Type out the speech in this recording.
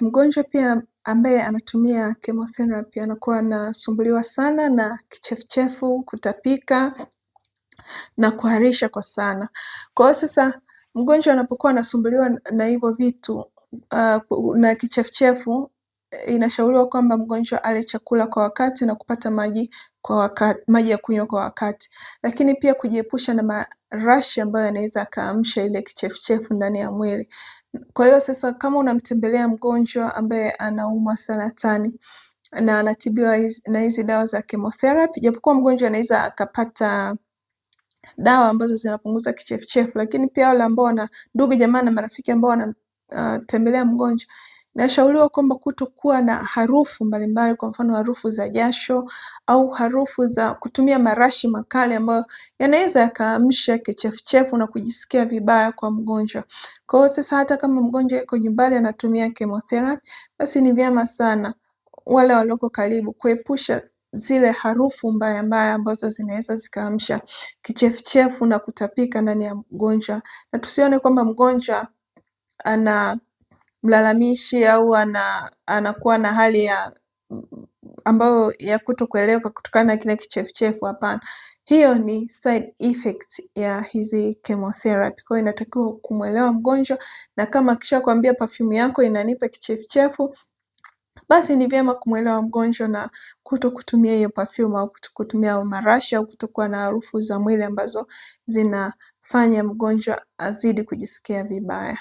mgonjwa pia ambaye anatumia chemotherapy anakuwa anasumbuliwa sana na kichefuchefu, kutapika na kuharisha kwa sana. Kwa hiyo sasa mgonjwa anapokuwa anasumbuliwa na hivyo vitu uh, na kichefuchefu eh, inashauriwa kwamba mgonjwa ale chakula kwa wakati na kupata maji kwa wakati, maji ya kunywa kwa wakati, lakini pia kujiepusha na marashi ambayo yanaweza akaamsha ile kichefuchefu ndani ya mwili. Kwa hiyo sasa, kama unamtembelea mgonjwa ambaye anaumwa saratani na anatibiwa na hizi dawa za chemotherapy, japokuwa mgonjwa anaweza akapata dawa ambazo zinapunguza kichefuchefu, lakini pia wale ambao wana ndugu jamaa na marafiki ambao uh, mgonjwa Nashauriwa kwamba kutokuwa na harufu mbalimbali, kwa mfano harufu za jasho au harufu za kutumia marashi makali ambayo yanaweza yakaamsha kichefuchefu na kujisikia vibaya kwa mgonjwa. Kwa hiyo sasa, hata kama mgonjwa yuko nyumbani anatumia chemotherapy, basi ni vyema sana wale walioko karibu kuepusha zile harufu mbaya mbaya ambazo zinaweza zikaamsha kichefuchefu na kutapika ndani ya mgonjwa, na tusione kwamba mgonjwa ana mlalamishi au anakuwa na hali ya ambayo ya kueleweka kutokana na kile kichefuchefu. Hapana, hiyo ni side effect ya hizi chemotherapy. Kwa hiyo inatakiwa kumwelewa mgonjwa, na kama kuambia perfume yako inanipa kichefuchefu, basi ni vyema kumwelewa mgonjwa na kuto kutumia hiyo perfume au kuto kutumia marashi au kutokuwa na harufu za mwili ambazo zinafanya mgonjwa azidi kujisikia vibaya.